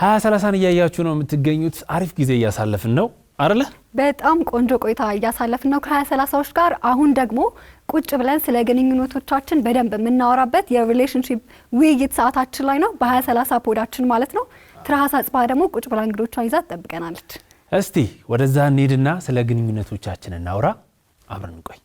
ሀያ ሰላሳን እያያችሁ ነው የምትገኙት። አሪፍ ጊዜ እያሳለፍን ነው አለ በጣም ቆንጆ ቆይታ እያሳለፍን ነው ከሀያ ሰላሳዎች ጋር። አሁን ደግሞ ቁጭ ብለን ስለ ግንኙነቶቻችን በደንብ የምናወራበት የሪሌሽንሽፕ ውይይት ሰዓታችን ላይ ነው በሀያ ሰላሳ ፖዳችን ማለት ነው። ትራሃሳ ጽባ ደግሞ ቁጭ ብላ እንግዶቿን ይዛ ትጠብቀናለች። እስቲ ወደዛ እንሄድና ስለ ግንኙነቶቻችን እናውራ። አብረን ቆይ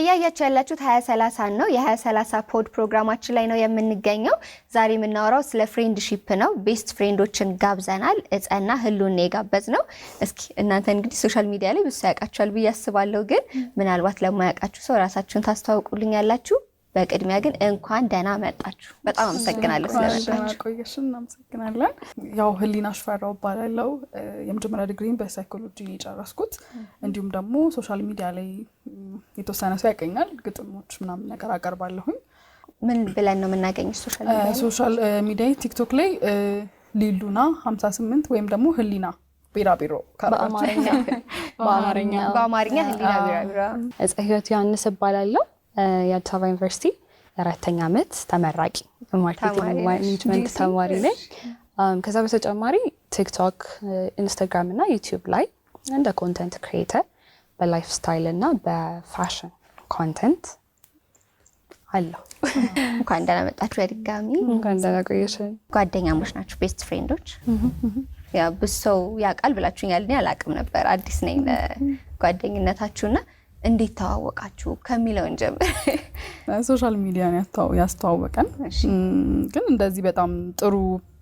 እያያችሁ ያላችሁት ሀያ ሰላሳ ነው። የሀያ ሰላሳ ፖድ ፕሮግራማችን ላይ ነው የምንገኘው። ዛሬ የምናወራው ስለ ፍሬንድ ሺፕ ነው። ቤስት ፍሬንዶችን ጋብዘናል። እጸና ህሉን የጋበዝ ነው። እስኪ እናንተ እንግዲህ ሶሻል ሚዲያ ላይ ብሱ ያውቃችኋል ብዬ አስባለሁ፣ ግን ምናልባት ለማያውቃችሁ ሰው ራሳችሁን ታስተዋውቁልኝ ያላችሁ በቅድሚያ ግን እንኳን ደህና መጣችሁ። በጣም አመሰግናለሁ ስለመጣችሁ። እናመሰግናለን። ያው ህሊና ሽፈራው እባላለሁ። የመጀመሪያ ዲግሪን በሳይኮሎጂ የጨረስኩት እንዲሁም ደግሞ ሶሻል ሚዲያ ላይ የተወሰነ ሰው ያገኛል። ግጥሞች ምናምን ነገር አቀርባለሁኝ። ምን ብለን ነው የምናገኝ? ሶሻል ሚዲያ ቲክቶክ ላይ ሊሉና ሀምሳ ስምንት ወይም ደግሞ ህሊና ቢራቢሮ በአማርኛ ህሊና ቢራቢሮ። ጽህወት ዮሐንስ እባላለሁ የአዲስ አበባ ዩኒቨርሲቲ አራተኛ ዓመት ተመራቂ ማርኬቲንግ ማኔጅመንት ተማሪ ነኝ። ከዛ በተጨማሪ ቲክቶክ፣ ኢንስታግራም እና ዩቲዩብ ላይ እንደ ኮንተንት ክሬተር በላይፍ ስታይል እና በፋሽን ኮንተንት አለው። እንኳን ደህና መጣችሁ በድጋሚ። እንኳን ደህና ቆየሽን። ጓደኛሞች ናችሁ? ቤስት ፍሬንዶች? ያው ብዙ ሰው ያውቃል ብላችሁኛል፣ እኔ አላውቅም ነበር። አዲስ ነኝ ለጓደኝነታችሁ እና እንዴት ተዋወቃችሁ ከሚለውን ጀምር። ሶሻል ሚዲያ ያስተዋወቀን ግን እንደዚህ በጣም ጥሩ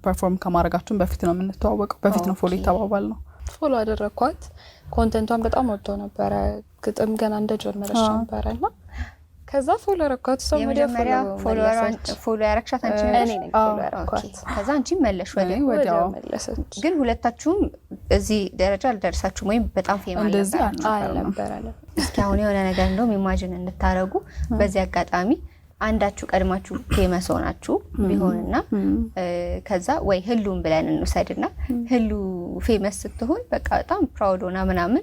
ፐርፎርም ከማድረጋችን በፊት ነው የምንተዋወቀው። በፊት ነው ፎሎ የተባባል ነው። ፎሎ አደረግኳት። ኮንተንቷን በጣም ወጥቶ ነበረ። ግጥም ገና እንደጀመረች ነበረ እና ከዛ ፎሎ ያረኳት እሷ መጀመሪያ ፎሎ ያረግሻት አንቺ? ከዛ አንቺ መለሽ ወዲያው። መለሰች። ግን ሁለታችሁም እዚህ ደረጃ አልደርሳችሁም ወይም በጣም ፌም አልነበረ። እስኪ አሁን የሆነ ነገር እንደውም ኢማጅን እንታረጉ። በዚህ አጋጣሚ አንዳችሁ ቀድማችሁ ፌመስ ሆናችሁ ቢሆንና ከዛ ወይ ህሉን ብለን እንውሰድና ህሉ ፌመስ ስትሆን በቃ በጣም ፕራውድ ሆና ምናምን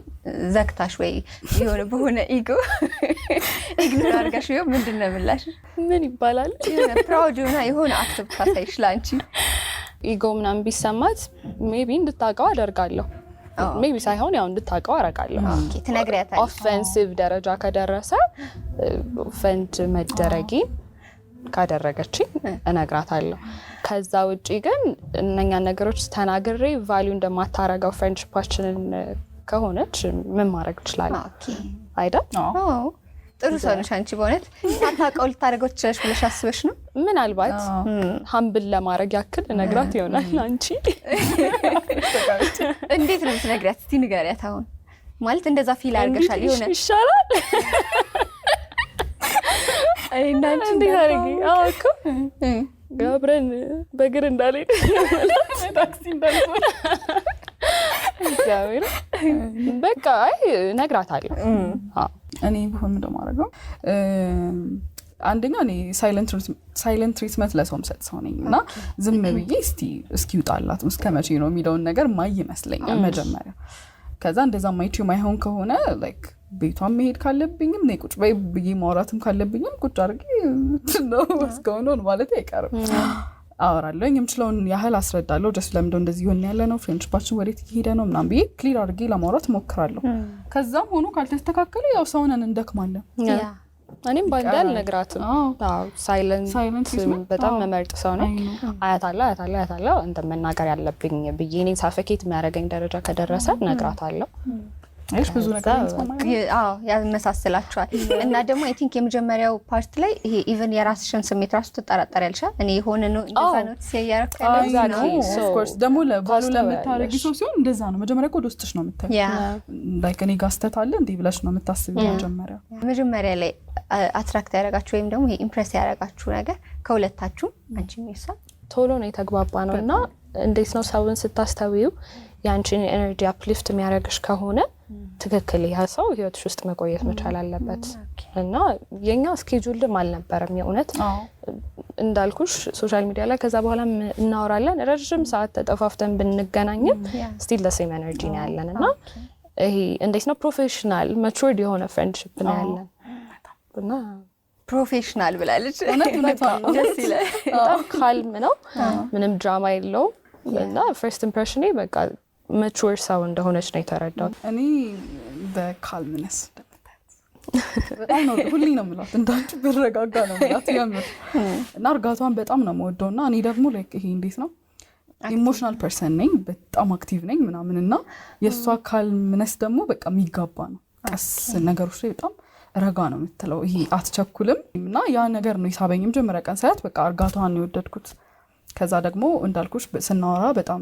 ዘግታሽ ወይ የሆነ በሆነ ኢጎ ኢግኖር አድርጋሽ ቢሆን ምንድን ነው ምላሽ? ምን ይባላል? ፕራውድ ሆና የሆነ አክት ብታሳይሽ ለአንቺ ኢጎ ምናምን ቢሰማት ሜቢ እንድታውቀው አደርጋለሁ። ቢ ሳይሆን ያው እንድታውቀው አደርጋለሁ። ኦፌንሲቭ ደረጃ ከደረሰ ፈንድ መደረጊ ካደረገችኝ እነግራታለሁ። ከዛ ውጪ ግን እነኛ ነገሮች ተናግሬ ቫሊዩ እንደማታረገው ፍሬንድሽፓችንን ከሆነች ምን ማድረግ እችላለሁ አይደል? ጥሩ ሰው ነሽ አንቺ። በእውነት ሳታውቀው ልታደርገው ትችለሽ ብለሽ አስበሽ ነው? ምናልባት ሀምብል ለማድረግ ያክል ነግራት ይሆናል። አንቺ እንዴት ነው የምትነግሪያት? እስቲ ንገሪያት። አሁን ማለት እንደዛ ፊል አድርገሻል ሆነ ይሻላል አብረን በእግር እንዳልሄድ ታክሲ እንዳልሆነ በቃ ነግራታለሁ። እኔ ብሆን እንደማደርገው አንደኛ እኔ ሳይለንት ትሪትመንት ለሰው ምሰጥ ሰው ነኝ እና ዝም ብዬ እስቲ እስኪውጣላት እስከ መቼ ነው የሚለውን ነገር ማይ ይመስለኛል መጀመሪያ። ከዛ እንደዛ ማይች ማይሆን ከሆነ ላይክ ቤቷን መሄድ ካለብኝም ቁጭ በይ ብዬ ማውራትም ካለብኝም ቁጭ አድርጌ ነው እስከሆነውን ማለት አይቀርም። አወራለሁ የምችለውን ያህል አስረዳለሁ። ጀስት ለምንደ እንደዚህ ሆን ያለ ነው ፍሬንድሽፓችን ወዴት እየሄደ ነው ምናም ብዬ ክሊር አድርጌ ለማውራት ሞክራለሁ። ከዛም ሆኖ ካልተስተካከለ ያው ሰውነን እንደክማለን። እኔም ባንዴ አልነግራትም። ሳይለንት በጣም መመርጥ ሰው ነው። አያታለ አያታለ አያታለ እንደ መናገር ያለብኝ ብዬ እኔን ሳፈኬት የሚያደርገኝ ደረጃ ከደረሰ ነግራታለሁ። ያመሳስላቸዋል እና ደግሞ አይ ቲንክ የመጀመሪያው ፓርት ላይ ይሄ ኢቨን የራስሽን ስሜት ራሱ ትጠራጠር እኔ የሆነ ነው ደግሞ ለባሉ ሰው ሲሆን እንደዛ ነው። መጀመሪያ ወደ ውስጥሽ ነው እኔ ስተት አለ እንዲህ ብለሽ ነው መጀመሪያ መጀመሪያ ላይ አትራክት ያደረጋችሁ ወይም ደግሞ ይሄ ኢምፕሬስ ያደረጋችሁ ነገር ከሁለታችሁም አንቺ ሚሳ ቶሎ ነው የተግባባ ነው እና እንዴት ነው ሰውን ስታስተዊው የአንቺን ኤነርጂ አፕሊፍት የሚያደርግሽ ከሆነ ትክክል ያ ሰው ህይወትሽ ውስጥ መቆየት መቻል አለበት እና የኛ እስኬጁልም አልነበረም። የእውነት እንዳልኩሽ ሶሻል ሚዲያ ላይ ከዛ በኋላ እናወራለን። ረዥም ሰዓት ተጠፋፍተን ብንገናኝም ስቲል ለሴም ኤነርጂ ነው ያለን እና ይሄ እንዴት ነው ፕሮፌሽናል መቹርድ የሆነ ፍሬንድሽፕ ነው ያለን እና ፕሮፌሽናል ብላለች። በጣም ካልም ነው፣ ምንም ድራማ የለውም እና ፈርስት ኢምፕሬሽኔ በቃ መቹር ሰው እንደሆነች ነው የተረዳው። እኔ በካልምነስ በጣም ነው ሁሌ ነው የምላት እንዳንቺ ብረጋጋ ነው የምላት የምር እና እርጋቷን በጣም ነው መወደው እና እኔ ደግሞ ይሄ እንዴት ነው ኢሞሽናል ፐርሰን ነኝ፣ በጣም አክቲቭ ነኝ ምናምን እና የእሷ ካልምነስ ደግሞ በቃ የሚጋባ ነው። ቀስ ነገሮች ላይ በጣም ረጋ ነው የምትለው፣ ይሄ አትቸኩልም እና ያ ነገር ነው የሳበኝ። መጀመሪያ ቀን ሳያት በቃ እርጋቷን የወደድኩት። ከዛ ደግሞ እንዳልኩሽ ስናወራ በጣም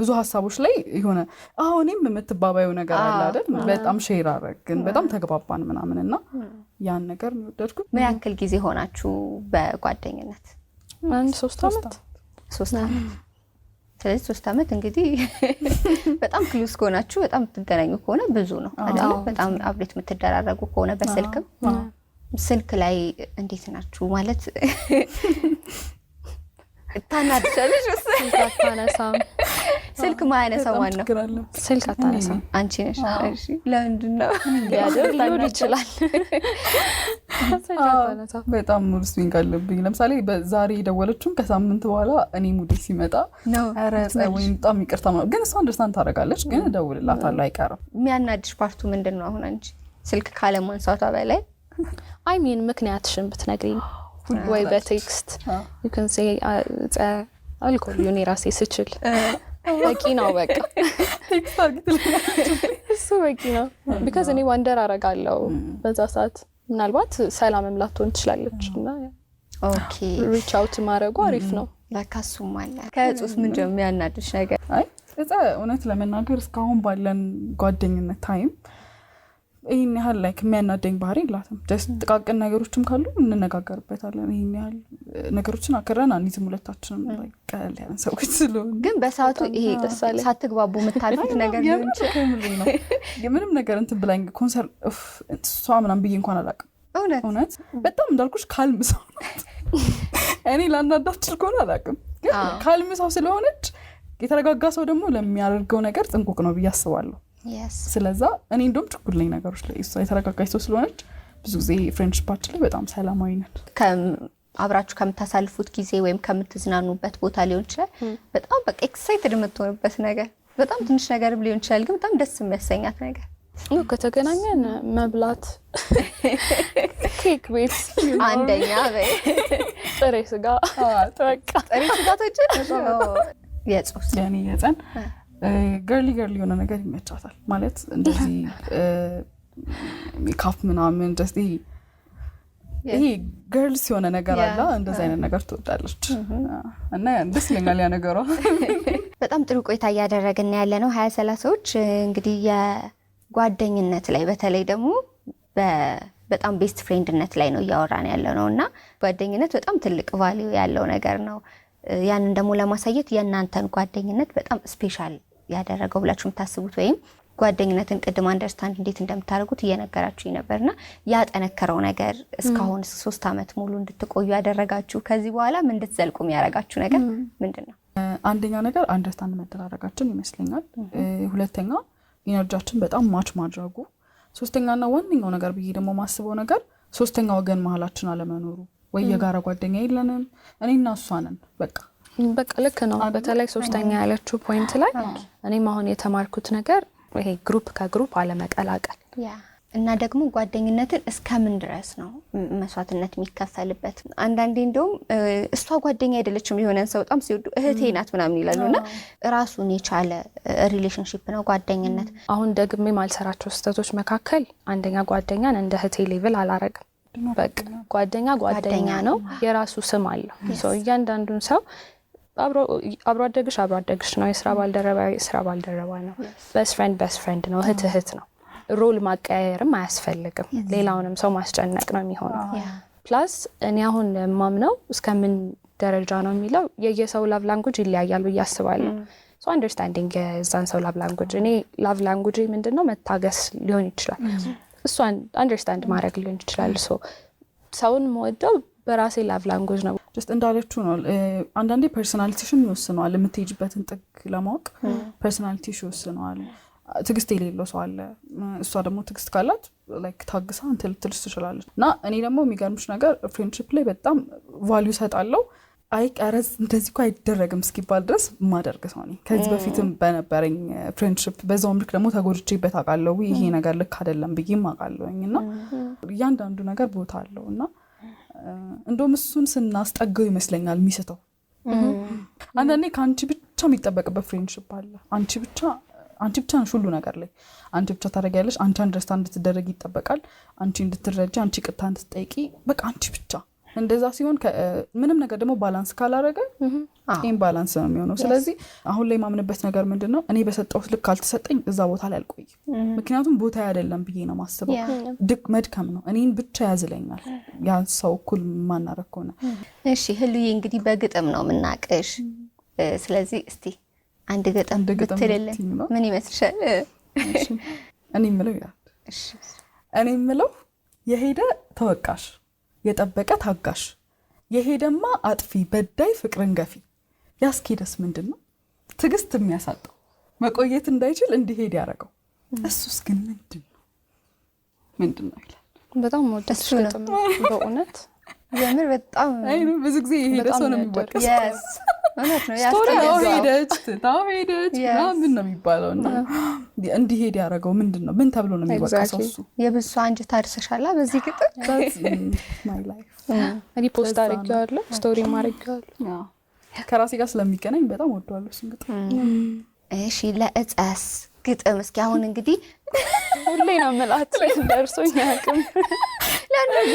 ብዙ ሀሳቦች ላይ የሆነ አሁንም የምትባባዩ ነገር አለ አይደል? በጣም ሼር አረግን፣ በጣም ተግባባን ምናምን እና ያን ነገር ወደድኩ። ምን ያክል ጊዜ ሆናችሁ በጓደኝነት? አንድ ሶስት ዓመት ሶስት ዓመት ስለዚህ ሶስት ዓመት እንግዲህ በጣም ክሉስ ከሆናችሁ በጣም የምትገናኙ ከሆነ ብዙ ነው አይደለ? በጣም አብሬት የምትደራረጉ ከሆነ በስልክም ስልክ ላይ እንዴት ናችሁ ማለት ታናድሻለሽ አታነሳም። ስልክ ስልክ አታነሳም አንቺ ነሽ። ለምንድን ነው ሊሆን ይችላል። በጣም ሙድ ስዊንግ አለብኝ። ለምሳሌ ዛሬ የደወለችም ከሳምንት በኋላ እኔ ሙዴ ሲመጣ ወይም በጣም ይቅርታ ግን እሷ አንደርስታንድ ታደርጋለች። ግን እደውልላታለሁ አይቀርም። የሚያናድሽ ፓርቱ ምንድን ነው? አሁን አንቺ ስልክ ካለማንሳቷ በላይ አይ ሚን ምክንያትሽን ብትነግሪኝ ወይ በቴክስት ዩን አልኮል ዩኔ ራሴ ስችል በቂ ነው። በቃ እሱ በቂ ነው። ቢካዝ እኔ ወንደር አረጋለው በዛ ሰዓት ምናልባት ሰላምም ላትሆን ትችላለች እና ሪች አውት ማድረጉ አሪፍ ነው። ለካሱም አለ ከእጹስ ምን ነው የሚያናድሽ ነገር? አይ እውነት ለመናገር እስካሁን ባለን ጓደኝነት ታይም ይህን ያህል ላይክ የሚያናደኝ ባህሪ የላትም። ጀስት ጥቃቅን ነገሮችም ካሉ እንነጋገርበታለን። ይህን ያህል uh, ነገሮችን አክረን አንይዝም ሁለታችንም ቀለል ያለን ሰዎች ስለሆን፣ ግን በሰዓቱ ይሄ ይጠሳል ሳትግባቡ የምታልፉት ነገር ነው። የምንም ነገር እንትን ብላኝ ኮንሰር እሷ ምናምን ብዬ እንኳን አላውቅም። እውነት በጣም እንዳልኩሽ ካልም ሰው እኔ ላናዳችል ከሆነ አላውቅም፣ ግን ካልም ሰው ስለሆነች የተረጋጋ ሰው ደግሞ ለሚያደርገው ነገር ጥንቁቅ ነው ብዬ አስባለሁ። ስለዛ እኔ እንደም ችኩል ነኝ ነገሮች ላይ። እሷ የተረጋጋች ሰው ስለሆነች ብዙ ጊዜ ፍሬንድሽፓችን ላይ በጣም ሰላማዊ ነን። አብራችሁ ከምታሳልፉት ጊዜ ወይም ከምትዝናኑበት ቦታ ሊሆን ይችላል በጣም በቃ ኤክሳይትድ የምትሆንበት ነገር በጣም ትንሽ ነገር ሊሆን ይችላል፣ ግን በጣም ደስ የሚያሰኛት ነገር ከተገናኘን መብላት ኬክ ቤት አንደኛ ጥሬ ስጋ ጥሬ ስጋ የጾም የኔ ገርሊ ገርሊ የሆነ ነገር ይመቻታል ማለት እንደዚህ ሜካፕ ምናምን እንደዚህ ይሄ ገርልስ የሆነ ነገር አለ። እንደዚህ አይነት ነገር ትወዳለች mm-hmm. እና ደስ ይለኛል ያ ነገሯ። በጣም ጥሩ ቆይታ እያደረግን ያለ ነው ሀያ ሰላሳዎች እንግዲህ የጓደኝነት ላይ በተለይ ደግሞ በጣም ቤስት ፍሬንድነት ላይ ነው እያወራን ያለ ነው እና ጓደኝነት በጣም ትልቅ ቫሊዩ ያለው ነገር ነው። ያንን ደግሞ ለማሳየት የእናንተን ጓደኝነት በጣም ስፔሻል ያደረገው ብላችሁ የምታስቡት ወይም ጓደኝነትን ቅድም አንደርስታንድ እንዴት እንደምታደርጉት እየነገራችሁ ነበርና ያጠነከረው ነገር እስካሁን ሶስት አመት ሙሉ እንድትቆዩ ያደረጋችሁ ከዚህ በኋላ እንድትዘልቁም ያደረጋችሁ ነገር ምንድን ነው? አንደኛ ነገር አንደርስታንድ መደራረጋችን ይመስለኛል። ሁለተኛ ኢነርጂያችን በጣም ማች ማድረጉ፣ ሶስተኛና ዋነኛው ነገር ብዬ ደግሞ ማስበው ነገር ሶስተኛ ወገን መሀላችን አለመኖሩ ወይ የጋራ ጓደኛ የለንም። እኔ እና እሷ ነን በቃ በቃ ልክ ነው። በተለይ ሶስተኛ ያለችው ፖይንት ላይ እኔም አሁን የተማርኩት ነገር ይሄ ግሩፕ ከግሩፕ አለመቀላቀል እና ደግሞ ጓደኝነትን እስከምን ድረስ ነው መስዋዕትነት የሚከፈልበት? አንዳንዴ እንደውም እሷ ጓደኛ አይደለችም የሆነን ሰው በጣም ሲወዱ እህቴ ናት ምናምን ይላሉ። እና ራሱን የቻለ ሪሌሽንሽፕ ነው ጓደኝነት። አሁን ደግሜ ማልሰራቸው ስህተቶች መካከል አንደኛ ጓደኛን እንደ እህቴ ሌቭል አላረግም በቃ ጓደኛ ጓደኛ ነው፣ የራሱ ስም አለው። እያንዳንዱን ሰው አብሮ አደግሽ አብሮ አደግሽ ነው፣ የስራ ባልደረባ የስራ ባልደረባ ነው፣ በስት ፍሬንድ በስት ፍሬንድ ነው፣ እህት mm. እህት ነው። ሮል ማቀያየርም አያስፈልግም። ሌላውንም ሰው ማስጨነቅ ነው የሚሆነው። ፕላስ oh. እኔ አሁን የማምነው እስከምን ደረጃ ነው የሚለው የየሰው ላቭ ላንጉጅ ይለያያል ብዬ አስባለሁ። ሶ mm. አንደርስታንዲንግ የዛን ሰው ላቭ ላንጉጅ እኔ ላቭ ላንጉጅ ምንድን ነው መታገስ ሊሆን ይችላል። mm. እሷን አንደርስታንድ ማድረግ ሊሆን ይችላል። ሰውን መወደው በራሴ ላቭ ላንጉጅ ነው። ጀስት እንዳለችው ነው። አንዳንዴ ፐርሶናሊቲሽን ይወስነዋል። የምትሄጅበትን ጥግ ለማወቅ ፐርሶናሊቲሽ ይወስነዋል። ትግስት የሌለው ሰው አለ። እሷ ደግሞ ትግስት ካላት ላይክ ታግሳ እንትን ልትልስ ትችላለች። እና እኔ ደግሞ የሚገርምሽ ነገር ፍሬንድሽፕ ላይ በጣም ቫልዩ እሰጣለሁ አይ ቀረጽ እንደዚህ እኮ አይደረግም እስኪባል ድረስ ማደርግ ሰው ነኝ። ከዚህ በፊትም በነበረኝ ፍሬንድሽፕ በዛውም ልክ ደግሞ ተጎድቼበት አውቃለሁ። ይሄ ነገር ልክ አይደለም ብዬም አውቃለሁኝ። እና እያንዳንዱ ነገር ቦታ አለው እና እንደውም እሱን ስናስጠገው ይመስለኛል የሚስተው። አንዳንዴ ከአንቺ ብቻ የሚጠበቅበት ፍሬንድሽፕ አለ። አንቺ ብቻ አንቺ ብቻ ነሽ ሁሉ ነገር ላይ አንቺ ብቻ ታደርጊያለሽ። አንቺ አንድረስታ እንድትደረግ ይጠበቃል። አንቺ እንድትረጂ፣ አንቺ ቅታ እንድትጠይቂ፣ በቃ አንቺ ብቻ እንደዛ ሲሆን ምንም ነገር ደግሞ ባላንስ ካላረገ ይህም ባላንስ ነው የሚሆነው። ስለዚህ አሁን ላይ የማምንበት ነገር ምንድን ነው፣ እኔ በሰጠሁት ልክ ካልተሰጠኝ እዛ ቦታ ላይ አልቆይ። ምክንያቱም ቦታ አይደለም ብዬ ነው ማስበው። ድቅ መድከም ነው እኔን ብቻ ያዝለኛል፣ ያ ሰው እኩል ማናረግ ከሆነ። እሺ ህሉዬ፣ እንግዲህ በግጥም ነው የምናቅሽ። ስለዚህ እስቲ አንድ ግጥም ብትልልን ምን ይመስልሻል? እኔ ምለው ይላል እኔ ምለው የሄደ ተወቃሽ የጠበቀ ታጋሽ፣ የሄደማ አጥፊ፣ በዳይ፣ ፍቅርን ገፊ ያስኬደስ ምንድን ነው? ትዕግስት የሚያሳጠው መቆየት እንዳይችል እንዲሄድ ያደረገው እሱስ ግን ምንድን ነው ምንድን ነው ይላል። በጣም ወደስ በእውነት የምር በጣም ብዙ ጊዜ የሄደ ሰው ነው የሚወቀስ እውነት ሄደች ትታው ሄደች ምናምን ነው የሚባለው። እና እንዲሄድ ያደረገው ምንድን ነው? ምን ተብሎ ነው የሚወቀሰው? እሱ የብሱ አንጅ ታድሰሻላ። በዚህ ግጥም ሪፖስት አድርጌዋለሁ፣ ስቶሪ አድርጌዋለሁ። ከራሴ ጋር ስለሚገናኝ በጣም ወደዋለሁ እሱን ግጥም። እሺ ለእፀስ ግጥም እስኪ አሁን እንግዲህ ሁሌ ነው የምላት ደርሶኝ ያቅም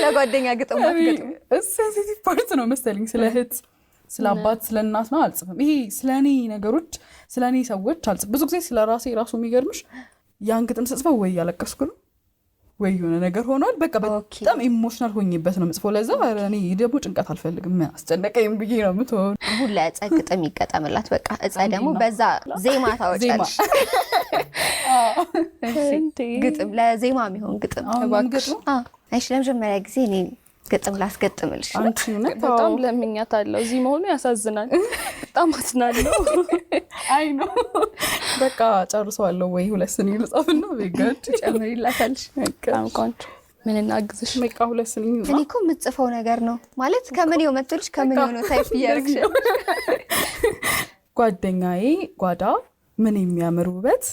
ለጓደኛ ግጥም ሴንሲቲቭ ፓርት ነው መሰለኝ ስለ እህት ስለ አባት ስለ እናት ነው አልጽፍም። ይሄ ስለ እኔ ነገሮች ስለ እኔ ሰዎች አልጽፍም። ብዙ ጊዜ ስለ ራሴ ራሱ የሚገርምሽ ያን ግጥም ስጽፈው ወይ እያለቀስኩ ነው ወይ የሆነ ነገር ሆኗል። በቃ በጣም ኢሞሽናል ሆኝበት ነው ምጽፎ። ለዛ እኔ ደግሞ ጭንቀት አልፈልግም ምን አስጨነቀኝ ብዬ ነው ምትሆን። ሁላ ለእጸ ግጥም ይገጠምላት። በቃ እጸ ደግሞ በዛ ዜማ ታወጫለሽ። ግጥም ለዜማ የሚሆን ግጥም እባክሽ። ለመጀመሪያ ጊዜ እኔ ግጥም ላስገጥምልሽ። በጣም ለምኛት አለው እዚህ መሆኑ ያሳዝናል። በጣም አዝናለሁ። አይ ነው በቃ ጨርሰዋለሁ። ወይ ሁለት ስኒ ልጻፍና ቤጋድ ጨምሪላታልሽ። ቆንጆ ምን እናግዝሽ? በቃ ሁለት ስኒ እኔ እኮ የምጽፈው ነገር ነው ማለት ከምን የመጥልሽ ከምን የሆነ ታይፍ እያርግሽ ጓደኛዬ ጓዳ ምን የሚያምር ውበት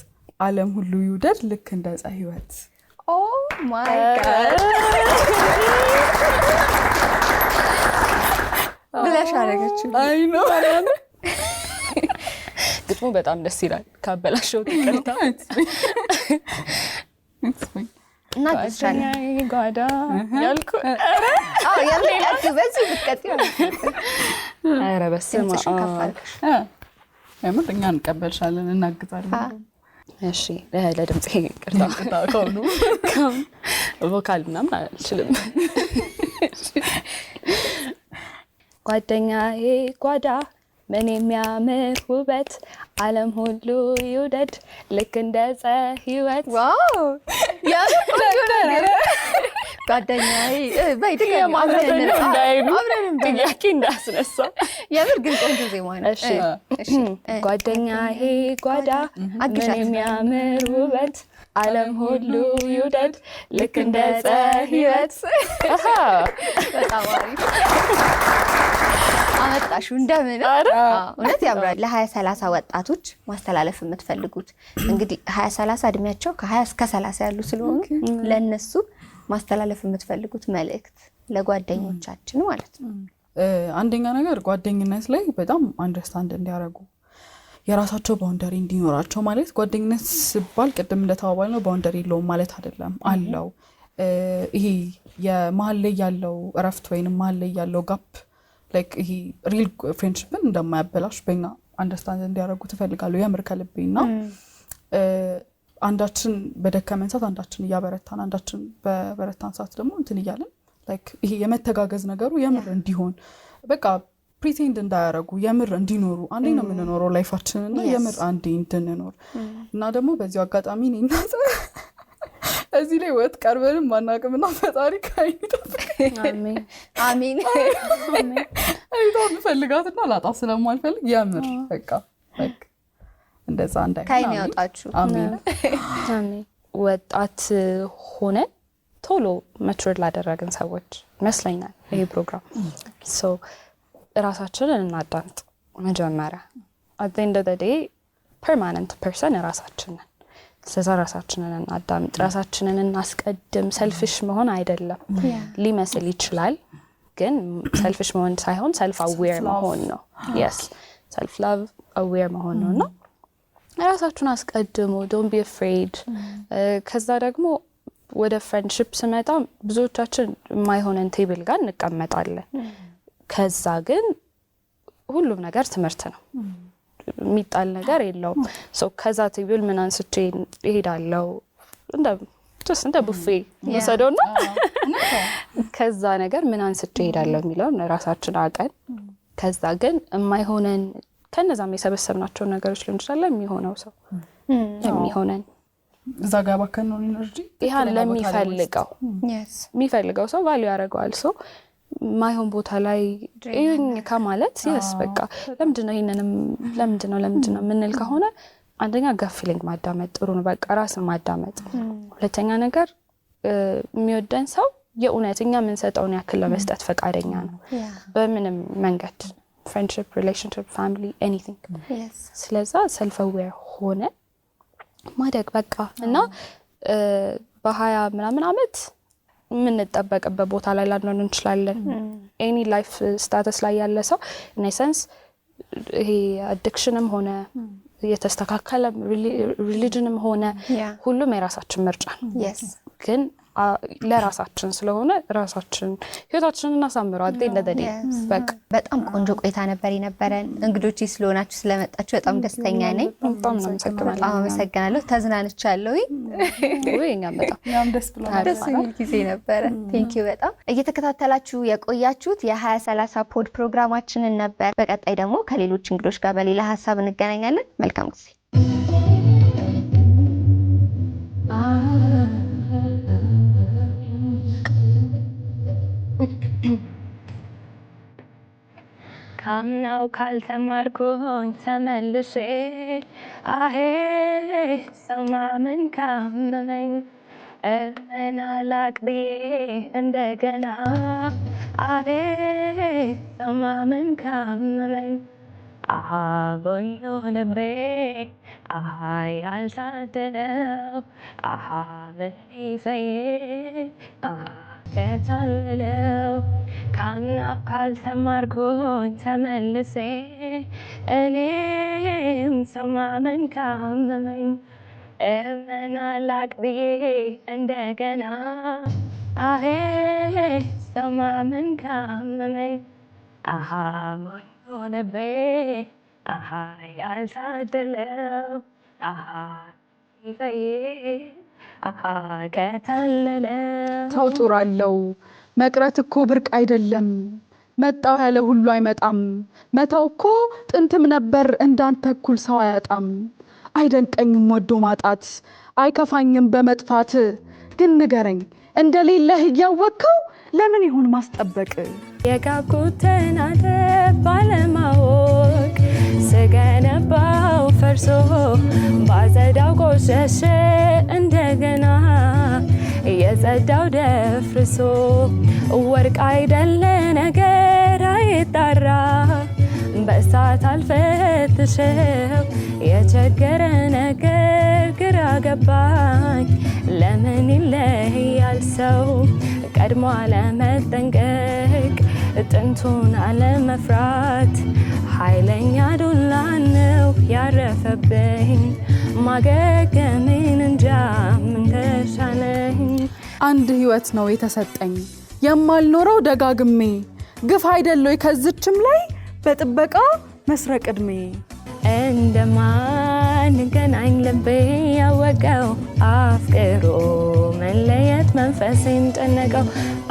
ዓለም ሁሉ ይውደድ ልክ እንደ ፀሐይ ሕይወት ኦ ማይ ጋድ ብለሽ አደረገችው። አይ ነው ግጥሙ በጣም ደስ ይላል። ካበላሸው ይቅርታ። ጓዳ ያልኩ በዚህ እኛ እንቀበልሻለን፣ እናግዛለን እሺ ለድምፅ ቅርታ ከሆኑ ቮካል ምናምን አልችልም። ጓደኛዬ ጓዳ ምን የሚያምር ውበት ዓለም ሁሉ ይውደድ ልክ እንደ ፀ ሕይወት ዋው ጓደኛዬ ጥያቄ እንዳስነሳ የምር ግን ቆንጆ ዜማ ነው። ጓደኛዬ ጓዳ ምን የሚያምር ውበት ዓለም ሁሉ ይውደድ ልክ እንደ ፀሂወት በጣም አሪፍ አመጣሹ እንደምን እውነት ያምራል። ለሀያ ሰላሳ ወጣቶች ማስተላለፍ የምትፈልጉት እንግዲህ ሀያ ሰላሳ እድሜያቸው ከሀያ እስከ ሰላሳ ያሉ ስለሆኑ ለእነሱ ማስተላለፍ የምትፈልጉት መልእክት ለጓደኞቻችን ማለት ነው? አንደኛ ነገር ጓደኝነት ላይ በጣም አንደርስታንድ እንዲያደርጉ የራሳቸው ባውንደሪ እንዲኖራቸው ማለት ጓደኝነት ሲባል ቅድም እንደተባባል ነው ባውንደሪ የለውም ማለት አይደለም፣ አለው። ይሄ የመሀል ላይ ያለው እረፍት ወይም መሀል ላይ ያለው ጋፕ ይሄ ሪል ፍሬንድሽፕን እንደማያበላሽ በኛ አንደርስታንድ እንዲያደርጉ ትፈልጋሉ የምር ከልቤና አንዳችን በደከመን ሰዓት አንዳችን እያበረታን አንዳችን በበረታን ሰዓት ደግሞ እንትን እያለን ይሄ የመተጋገዝ ነገሩ የምር እንዲሆን በቃ ፕሪቴንድ እንዳያረጉ የምር እንዲኖሩ አንዴ ነው mm. የምንኖረው ላይፋችን እና የምር አንዴ እንድንኖር mm. እና ደግሞ በዚሁ አጋጣሚ እናት እዚህ ላይ ወጥ ቀርበንም ማናቅምና ፈጣሪ ከአይሚን ፈልጋትና ላጣ ስለማልፈልግ የምር በቃ እንደዛ እንዳይሆን ያውጣችሁ። አሜን። ወጣት ሆነን ቶሎ መቹር ላደረግን ሰዎች ይመስለኛል ይሄ ፕሮግራም። እራሳችንን እናዳምጥ መጀመሪያ። አት ዘ ኤንድ ኦፍ ዘ ዴይ ፐርማነንት ፐርሰን እራሳችንን ስለዛ ራሳችንን እናዳምጥ፣ ራሳችንን እናስቀድም። ሰልፍሽ መሆን አይደለም ሊመስል ይችላል፣ ግን ሰልፍሽ መሆን ሳይሆን ሰልፍ አዌር መሆን ነው። የስ ሰልፍ ላቭ አዌር መሆን ነው እና ራሳችሁን አስቀድሙ። ዶንት ቢ ፍሬድ ከዛ ደግሞ ወደ ፍሬንድሽፕ ስመጣ ብዙዎቻችን የማይሆነን ቴብል ጋር እንቀመጣለን። ከዛ ግን ሁሉም ነገር ትምህርት ነው፣ የሚጣል ነገር የለውም። ከዛ ቴብል ምን አንስቼ ይሄዳለው ስ እንደ ቡፌ መሰደው ና ከዛ ነገር ምን አንስቼ ይሄዳለው የሚለውን ራሳችን አቀን ከዛ ግን የማይሆነን ከነዛም የሰበሰብናቸው ነገሮች ሊሆን ይችላል ለሚሆነው ሰው የሚሆነን እዛ ጋር ባከነውን ኢነርጂ ይህን ለሚፈልገው የሚፈልገው ሰው ቫሉ ያደርገዋል ሰው ማይሆን ቦታ ላይ ይሁኝ ከማለት የስ በቃ ለምንድነው ይህንንም ለምንድነው ነው የምንል ከሆነ አንደኛ ጋ ፊሊንግ ማዳመጥ ጥሩ ነው። በቃ ራስን ማዳመጥ። ሁለተኛ ነገር የሚወደን ሰው የእውነት እኛ የምንሰጠውን ያክል ለመስጠት ፈቃደኛ ነው በምንም መንገድ ፍሬንድሽፕ፣ ሪሌሽንሽፕ፣ ፋሚሊ ኤኒቲንግ። ስለዛ ሰልፈዌር ሆነ ማደግ በቃ እና በሀያ ምናምን አመት የምንጠበቅበት ቦታ ላይ ላንሆን እንችላለን። ኤኒ ላይፍ ስታተስ ላይ ያለ ሰው ኢኔሰንስ ይሄ አዲክሽንም ሆነ የተስተካከለም ሪሊጅንም ሆነ ሁሉም የራሳችን ምርጫ ነው ግን ለራሳችን ስለሆነ ራሳችን ህይወታችንን እናሳምረው። አዴ ለደዴ በቃ በጣም ቆንጆ ቆይታ ነበር የነበረን። እንግዶች ስለሆናችሁ ስለመጣችሁ በጣም ደስተኛ ነኝ። በጣም አመሰግናለሁ። ተዝናንቻለሁ። ደስ የሚል ጊዜ ነበረ። ቴንኪው በጣም እየተከታተላችሁ የቆያችሁት የሀያ ሰላሳ ፖድ ፕሮግራማችንን ነበር። በቀጣይ ደግሞ ከሌሎች እንግዶች ጋር በሌላ ሀሳብ እንገናኛለን። መልካም ጊዜ አምናው ካልተማርኩኝ ተመልሼ አሄ ሰማምን ካመመኝ እመና ላቅብዬ እንደገና አሄ ሰማምን ካመመኝ አሃጎኞ ልቤ አሃ ያልታደለው አሃ በይፈዬ ከታልለው ከአምላክ ካልተማርኩኝ ተመልሴ እኔም ሰው ማመን ካመመኝ እመናላቅ ብዬ እንደገና አሄ ሰው ማመን ካመመኝ አሃ ሆነበ አሃ ያልታደለው አሃ ይፈዬ ከተለለ ተውጦራለው መቅረት እኮ ብርቅ አይደለም። መጣው ያለ ሁሉ አይመጣም። መተው እኮ ጥንትም ነበር እንዳንተ እኩል ሰው አያጣም። አይደንቀኝም ወዶ ማጣት አይከፋኝም በመጥፋት ግን ንገረኝ እንደሌለህ እያወቅከው ለምን ይሆን ማስጠበቅ የጋብኩትን አለ ባለማወቅ ስገነባ ፈርሶ ባጸዳው ቆሸሸ እንደገና የጸዳው ደፍርሶ ወርቅ አይደለ ነገር አይጣራ በእሳት አልፈትሸው የቸገረ ነገር ግራ ገባኝ። ለምን ይለያል ሰው ቀድሞ አለመጠንቀቅ ጥንቱን አለመፍራት ኃይለኛ ዱላ ነው ያረፈብኝ። ማገገሜን እንጃ ምን ተሻለኝ። አንድ ህይወት ነው የተሰጠኝ የማልኖረው ደጋግሜ ግፍ አይደለይ ከዝችም ላይ በጥበቃ መስረቅ ዕድሜ እንደማንገናኝ ልቤ ያወቀው አፍቅሮ መለየት መንፈሴን ጨነቀው።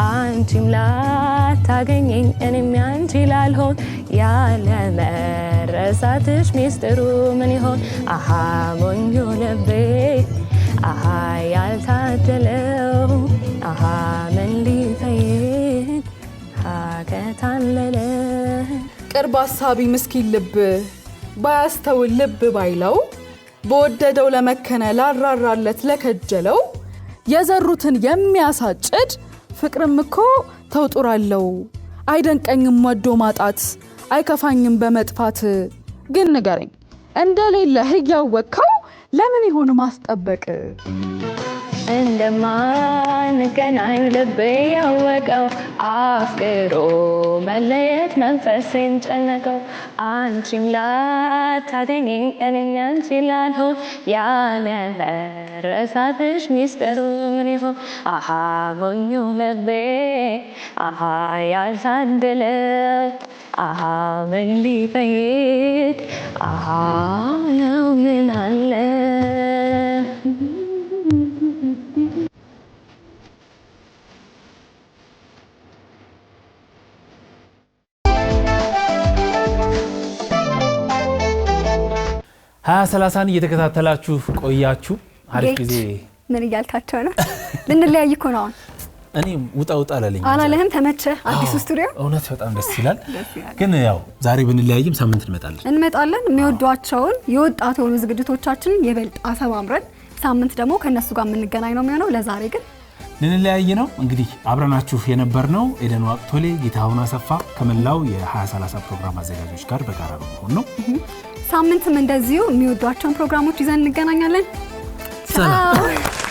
አንቺም ላታገኘኝ እኔም ያንቺ ላልሆን ያለ ሚስጥሩ ምን ይሆን? አሃ ሞኙ ልቤ አሃ ያልታደለው አሃ ምን ሊፈይድ አከታለለ ቅርብ አሳቢ ምስኪን ልብ ባያስተውል ልብ ባይለው በወደደው ለመከነ ላራራለት ለከጀለው የዘሩትን የሚያሳጭድ ፍቅርም እኮ ተውጡራለው። አይደንቀኝም ወዶ ማጣት አይከፋኝም በመጥፋት ግን ንገረኝ እንደሌለ ህያው ወካው ለምን ይሆን ማስጠበቅ? እንደማን እንደማንገናኝ ልቤ ያወቀው አፍቅሮ መለየት መንፈሴን ጨነቀው። አንቺም ላታገኝ እኔም ያንቺ ላልሆን ያለ መረሳትሽ ሚስጥሩ ምን ይሆን? አሃ ሞኙ ልቤ አሃ ያልሳድለ አሃ ምን ሊፈይድ አሃ ነው ምን አለ ሀያ ሰላሳን እየተከታተላችሁ ቆያችሁ። አሪፍ ጊዜ ምን እያልካቸው ነው? ልንለያይ እኮ ነው። አሁን እኔ ውጣ ውጣ አላለኝ አላለህም። ተመቸ አዲሱ ስቱዲዮ እውነት በጣም ደስ ይላል። ግን ያው ዛሬ ብንለያይም ሳምንት እንመጣለን እንመጣለን። የሚወዷቸውን የወጣት የሆኑ ዝግጅቶቻችን የበልጥ አሰባምረን ሳምንት ደግሞ ከእነሱ ጋር የምንገናኝ ነው የሚሆነው። ለዛሬ ግን ልንለያይ ነው። እንግዲህ አብረናችሁ የነበር ነው ኤደን ዋቅቶሌ፣ ጌታሁን አሰፋ ከመላው የ2030 ፕሮግራም አዘጋጆች ጋር በጋራ በመሆን ነው። ሳምንትም እንደዚሁ የሚወዷቸውን ፕሮግራሞች ይዘን እንገናኛለን። ሰላም